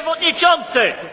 przewodniczący!